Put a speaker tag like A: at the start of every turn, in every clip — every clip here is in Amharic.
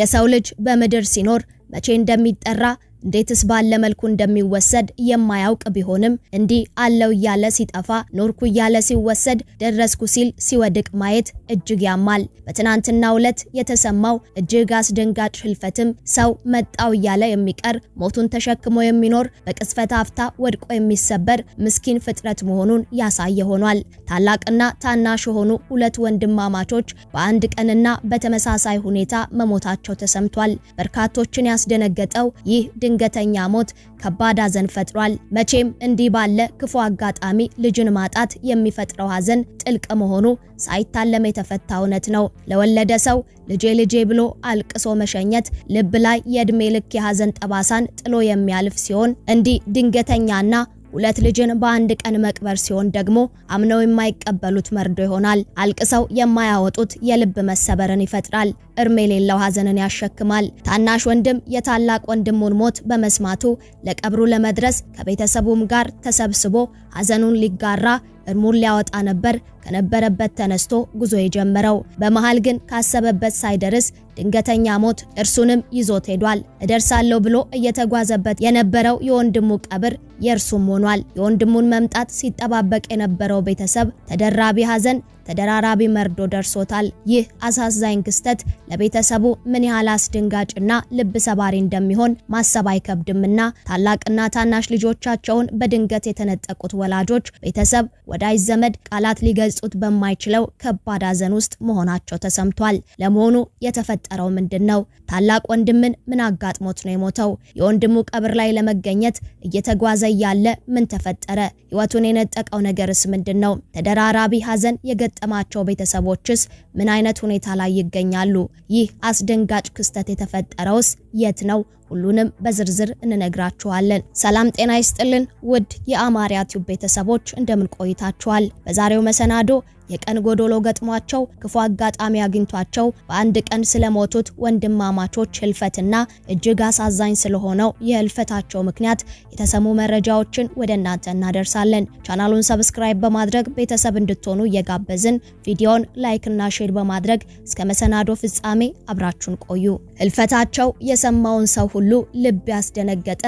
A: የሰው ልጅ በምድር ሲኖር መቼ እንደሚጠራ እንዴትስ ባለ መልኩ እንደሚወሰድ የማያውቅ ቢሆንም እንዲህ አለው እያለ ሲጠፋ ኖርኩ እያለ ሲወሰድ ደረስኩ ሲል ሲወድቅ ማየት እጅግ ያማል። በትናንትናው ዕለት የተሰማው እጅግ አስደንጋጭ ህልፈትም ሰው መጣው እያለ የሚቀር ሞቱን ተሸክሞ የሚኖር በቅስፈት አፍታ ወድቆ የሚሰበር ምስኪን ፍጥረት መሆኑን ያሳየ ሆኗል። ታላቅና ታናሽ የሆኑ ሁለት ወንድማማቾች በአንድ ቀንና በተመሳሳይ ሁኔታ መሞታቸው ተሰምቷል። በርካቶችን ያስደነገጠው ይህ ድንገተኛ ሞት ከባድ ሐዘን ፈጥሯል። መቼም እንዲህ ባለ ክፉ አጋጣሚ ልጅን ማጣት የሚፈጥረው ሐዘን ጥልቅ መሆኑ ሳይታለም የተፈታ እውነት ነው። ለወለደ ሰው ልጄ ልጄ ብሎ አልቅሶ መሸኘት ልብ ላይ የዕድሜ ልክ የሐዘን ጠባሳን ጥሎ የሚያልፍ ሲሆን እንዲህ ድንገተኛና ሁለት ልጅን በአንድ ቀን መቅበር ሲሆን ደግሞ አምነው የማይቀበሉት መርዶ ይሆናል። አልቅሰው የማያወጡት የልብ መሰበርን ይፈጥራል። እርም የሌለው ሐዘንን ያሸክማል። ታናሽ ወንድም የታላቅ ወንድሙን ሞት በመስማቱ ለቀብሩ ለመድረስ ከቤተሰቡም ጋር ተሰብስቦ ሐዘኑን ሊጋራ እርሙን ሊያወጣ ነበር ከነበረበት ተነስቶ ጉዞ የጀመረው። በመሃል ግን ካሰበበት ሳይደርስ ድንገተኛ ሞት እርሱንም ይዞት ሄዷል። እደርሳለሁ ብሎ እየተጓዘበት የነበረው የወንድሙ ቀብር የእርሱም ሆኗል። የወንድሙን መምጣት ሲጠባበቅ የነበረው ቤተሰብ ተደራቢ ሐዘን፣ ተደራራቢ መርዶ ደርሶታል። ይህ አሳዛኝ ክስተት ለቤተሰቡ ምን ያህል አስደንጋጭና ልብ ሰባሪ እንደሚሆን ማሰብ አይከብድምና ታላቅና ታናሽ ልጆቻቸውን በድንገት የተነጠቁት ወላጆች ቤተሰብ፣ ወዳጅ ዘመድ ቃላት ሊገልጹት በማይችለው ከባድ ሐዘን ውስጥ መሆናቸው ተሰምቷል። ለመሆኑ የተፈ የተፈጠረው ምንድን ነው? ታላቅ ወንድምን ምን አጋጥሞት ነው የሞተው? የወንድሙ ቀብር ላይ ለመገኘት እየተጓዘ እያለ ምን ተፈጠረ? ህይወቱን የነጠቀው ነገርስ ምንድን ነው? ተደራራቢ ሀዘን የገጠማቸው ቤተሰቦችስ ምን አይነት ሁኔታ ላይ ይገኛሉ? ይህ አስደንጋጭ ክስተት የተፈጠረውስ የት ነው? ሁሉንም በዝርዝር እንነግራችኋለን። ሰላም ጤና ይስጥልን ውድ የአማርያ ቲዩብ ቤተሰቦች እንደምን ቆይታችኋል? በዛሬው መሰናዶ የቀን ጎዶሎ ገጥሟቸው ክፉ አጋጣሚ አግኝቷቸው በአንድ ቀን ስለሞቱት ወንድማማቾች ህልፈትና እጅግ አሳዛኝ ስለሆነው የህልፈታቸው ምክንያት የተሰሙ መረጃዎችን ወደ እናንተ እናደርሳለን። ቻናሉን ሰብስክራይብ በማድረግ ቤተሰብ እንድትሆኑ እየጋበዝን ቪዲዮን ላይክና ሼር በማድረግ እስከ መሰናዶ ፍጻሜ አብራችሁን ቆዩ። ህልፈታቸው የሰማውን ሰው ሁሉ ልብ ያስደነገጠ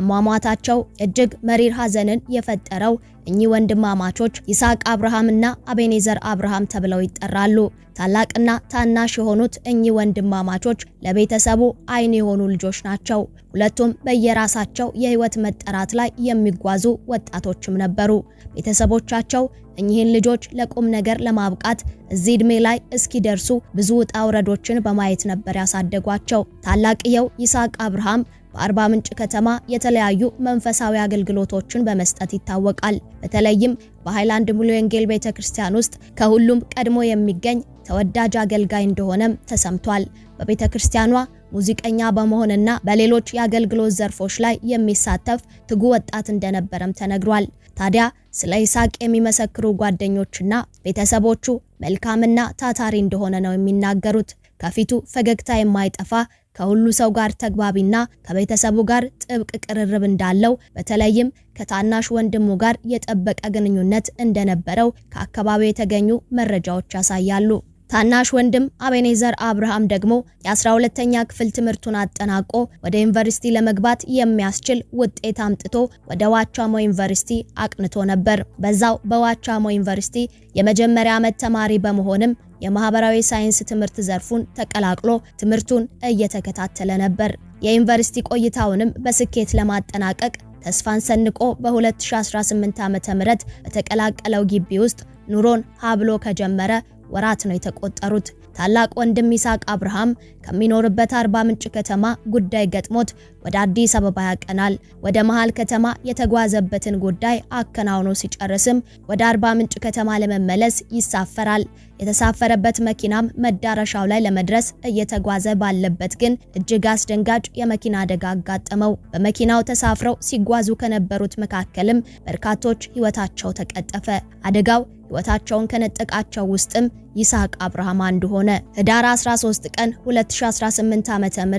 A: አሟሟታቸው እጅግ መሪር ሐዘንን የፈጠረው እኚህ ወንድማማቾች ይስሐቅ አብርሃምና አቤኔዘር አብርሃም ተብለው ይጠራሉ። ታላቅና ታናሽ የሆኑት እኚህ ወንድማማቾች ለቤተሰቡ ዓይን የሆኑ ልጆች ናቸው። ሁለቱም በየራሳቸው የሕይወት መጠራት ላይ የሚጓዙ ወጣቶችም ነበሩ። ቤተሰቦቻቸው እኚህን ልጆች ለቁም ነገር ለማብቃት እዚህ ዕድሜ ላይ እስኪደርሱ ብዙ ውጣ ውረዶችን በማየት ነበር ያሳደጓቸው። ታላቅየው ይስሐቅ አብርሃም በአርባ ምንጭ ከተማ የተለያዩ መንፈሳዊ አገልግሎቶችን በመስጠት ይታወቃል። በተለይም በሃይላንድ ሙሉ ወንጌል ቤተ ክርስቲያን ውስጥ ከሁሉም ቀድሞ የሚገኝ ተወዳጅ አገልጋይ እንደሆነም ተሰምቷል። በቤተ ክርስቲያኗ ሙዚቀኛ በመሆንና በሌሎች የአገልግሎት ዘርፎች ላይ የሚሳተፍ ትጉ ወጣት እንደነበረም ተነግሯል። ታዲያ ስለ ይስሐቅ የሚመሰክሩ ጓደኞችና ቤተሰቦቹ መልካምና ታታሪ እንደሆነ ነው የሚናገሩት። ከፊቱ ፈገግታ የማይጠፋ ከሁሉ ሰው ጋር ተግባቢና ከቤተሰቡ ጋር ጥብቅ ቅርርብ እንዳለው በተለይም ከታናሽ ወንድሙ ጋር የጠበቀ ግንኙነት እንደነበረው ከአካባቢው የተገኙ መረጃዎች ያሳያሉ። ታናሽ ወንድም አቤኔዘር አብርሃም ደግሞ የ12ተኛ ክፍል ትምህርቱን አጠናቆ ወደ ዩኒቨርሲቲ ለመግባት የሚያስችል ውጤት አምጥቶ ወደ ዋቻሞ ዩኒቨርሲቲ አቅንቶ ነበር። በዛው በዋቻሞ ዩኒቨርሲቲ የመጀመሪያ ዓመት ተማሪ በመሆንም የማህበራዊ ሳይንስ ትምህርት ዘርፉን ተቀላቅሎ ትምህርቱን እየተከታተለ ነበር። የዩኒቨርሲቲ ቆይታውንም በስኬት ለማጠናቀቅ ተስፋን ሰንቆ በ2018 ዓ.ም በተቀላቀለው ግቢ ውስጥ ኑሮን ሀብሎ ከጀመረ ወራት ነው የተቆጠሩት። ታላቅ ወንድም ይስሐቅ አብርሃም ከሚኖርበት አርባ ምንጭ ከተማ ጉዳይ ገጥሞት ወደ አዲስ አበባ ያቀናል። ወደ መሃል ከተማ የተጓዘበትን ጉዳይ አከናውኖ ሲጨርስም ወደ አርባ ምንጭ ከተማ ለመመለስ ይሳፈራል። የተሳፈረበት መኪናም መዳረሻው ላይ ለመድረስ እየተጓዘ ባለበት ግን እጅግ አስደንጋጭ የመኪና አደጋ አጋጠመው። በመኪናው ተሳፍረው ሲጓዙ ከነበሩት መካከልም በርካቶች ሕይወታቸው ተቀጠፈ። አደጋው ወታቸውን ከነጠቃቸው ውስጥም ይስሐቅ አብርሃም አንዱ ሆነ። ህዳር 13 ቀን 2018 ዓ.ም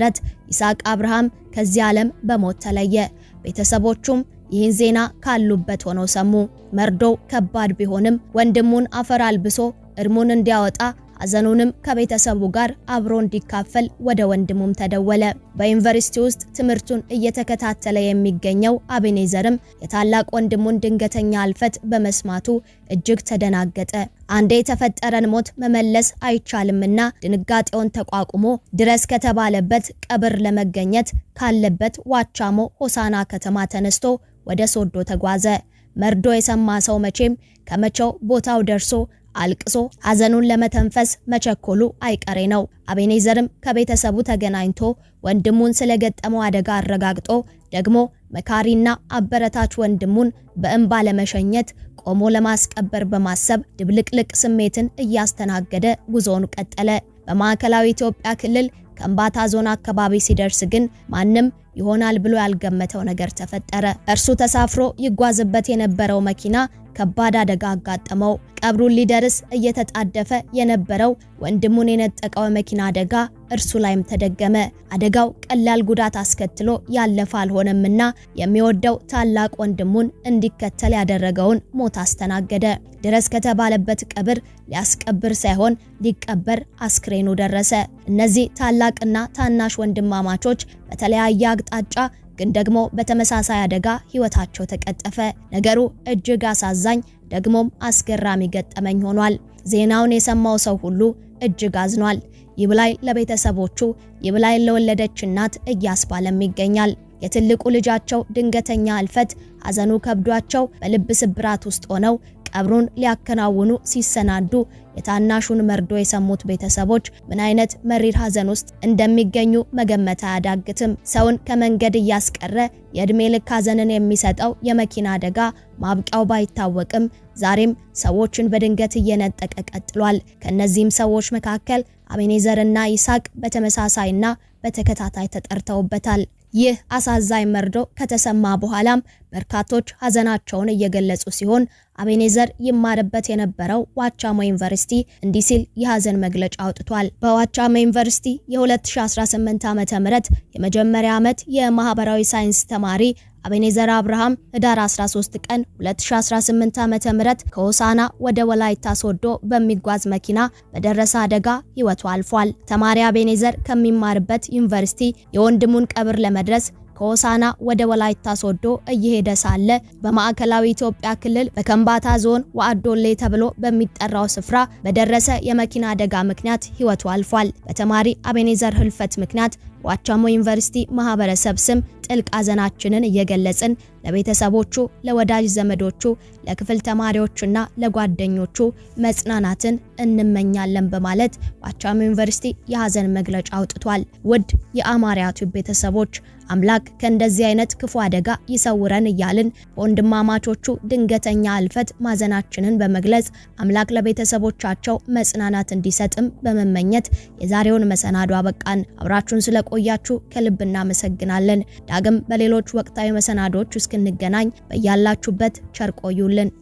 A: ይስሐቅ አብርሃም ከዚህ ዓለም በሞት ተለየ። ቤተሰቦቹም ይህን ዜና ካሉበት ሆነው ሰሙ። መርዶ ከባድ ቢሆንም ወንድሙን አፈር አልብሶ እድሙን እንዲያወጣ ሐዘኑንም ከቤተሰቡ ጋር አብሮ እንዲካፈል ወደ ወንድሙም ተደወለ። በዩኒቨርሲቲ ውስጥ ትምህርቱን እየተከታተለ የሚገኘው አቤኔዘርም የታላቅ ወንድሙን ድንገተኛ አልፈት በመስማቱ እጅግ ተደናገጠ። አንዴ የተፈጠረን ሞት መመለስ አይቻልምና ድንጋጤውን ተቋቁሞ ድረስ ከተባለበት ቀብር ለመገኘት ካለበት ዋቻሞ ሆሳና ከተማ ተነስቶ ወደ ሶዶ ተጓዘ። መርዶ የሰማ ሰው መቼም ከመቼው ቦታው ደርሶ አልቅሶ ሐዘኑን ለመተንፈስ መቸኮሉ አይቀሬ ነው። አቤኔዘርም ከቤተሰቡ ተገናኝቶ ወንድሙን ስለገጠመው አደጋ አረጋግጦ ደግሞ መካሪና አበረታች ወንድሙን በእንባ ለመሸኘት ቆሞ ለማስቀበር በማሰብ ድብልቅልቅ ስሜትን እያስተናገደ ጉዞውን ቀጠለ። በማዕከላዊ ኢትዮጵያ ክልል ከምባታ ዞን አካባቢ ሲደርስ ግን ማንም ይሆናል ብሎ ያልገመተው ነገር ተፈጠረ። እርሱ ተሳፍሮ ይጓዝበት የነበረው መኪና ከባድ አደጋ አጋጠመው። ቀብሩን ሊደርስ እየተጣደፈ የነበረው ወንድሙን የነጠቀው መኪና አደጋ እርሱ ላይም ተደገመ። አደጋው ቀላል ጉዳት አስከትሎ ያለፈ አልሆነምና የሚወደው ታላቅ ወንድሙን እንዲከተል ያደረገውን ሞት አስተናገደ። ድረስ ከተባለበት ቀብር ሊያስቀብር ሳይሆን ሊቀበር አስክሬኑ ደረሰ። እነዚህ ታላቅና ታናሽ ወንድማማቾች በተለያየ አቅጣጫ ግን ደግሞ በተመሳሳይ አደጋ ህይወታቸው ተቀጠፈ። ነገሩ እጅግ አሳዛኝ ደግሞም አስገራሚ ገጠመኝ ሆኗል። ዜናውን የሰማው ሰው ሁሉ እጅግ አዝኗል። ይብላይ ለቤተሰቦቹ፣ ይብላይ ለወለደች እናት እያስባለም ይገኛል። የትልቁ ልጃቸው ድንገተኛ አልፈት ሀዘኑ ከብዷቸው በልብ ስብራት ውስጥ ሆነው ቀብሩን ሊያከናውኑ ሲሰናዱ የታናሹን መርዶ የሰሙት ቤተሰቦች ምን አይነት መሪር ሐዘን ውስጥ እንደሚገኙ መገመት አያዳግትም። ሰውን ከመንገድ እያስቀረ የዕድሜ ልክ ሐዘንን የሚሰጠው የመኪና አደጋ ማብቂያው ባይታወቅም ዛሬም ሰዎችን በድንገት እየነጠቀ ቀጥሏል። ከእነዚህም ሰዎች መካከል አቤኔዘርና ይስሐቅ በተመሳሳይና በተከታታይ ተጠርተውበታል። ይህ አሳዛኝ መርዶ ከተሰማ በኋላም በርካቶች ሀዘናቸውን እየገለጹ ሲሆን አቤኔዘር ይማርበት የነበረው ዋቻሞ ዩኒቨርሲቲ እንዲህ ሲል የሀዘን መግለጫ አውጥቷል። በዋቻሞ ዩኒቨርሲቲ የ2018 ዓ.ም የመጀመሪያ ዓመት የማህበራዊ ሳይንስ ተማሪ አቤኔዘር አብርሃም ህዳር 13 ቀን 2018 ዓ.ም ከሆሳና ወደ ወላይታ ሶዶ በሚጓዝ መኪና በደረሰ አደጋ ህይወቱ አልፏል። ተማሪ አቤኔዘር ከሚማርበት ዩኒቨርሲቲ የወንድሙን ቀብር ለመድረስ ከሆሳና ወደ ወላይታ ሶዶ እየሄደ ሳለ በማዕከላዊ ኢትዮጵያ ክልል በከምባታ ዞን ዋአዶሌ ተብሎ በሚጠራው ስፍራ በደረሰ የመኪና አደጋ ምክንያት ህይወቱ አልፏል። በተማሪ አቤኔዘር ህልፈት ምክንያት በዋቻሞ ዩኒቨርሲቲ ማህበረሰብ ስም ጥልቅ ሐዘናችንን እየገለጽን ለቤተሰቦቹ፣ ለወዳጅ ዘመዶቹ፣ ለክፍል ተማሪዎቹና ለጓደኞቹ መጽናናትን እንመኛለን በማለት ዋቻሞ ዩኒቨርሲቲ የሐዘን መግለጫ አውጥቷል። ውድ የአማርያቱ ቤተሰቦች አምላክ ከእንደዚህ አይነት ክፉ አደጋ ይሰውረን እያልን በወንድማማቾቹ ድንገተኛ እልፈት ማዘናችንን በመግለጽ አምላክ ለቤተሰቦቻቸው መጽናናት እንዲሰጥም በመመኘት የዛሬውን መሰናዶ አበቃን። አብራችሁን ስለቆ ስለቆያችሁ ከልብ እናመሰግናለን። ዳግም በሌሎች ወቅታዊ መሰናዶዎች እስክንገናኝ በያላችሁበት ቸር ቆዩልን።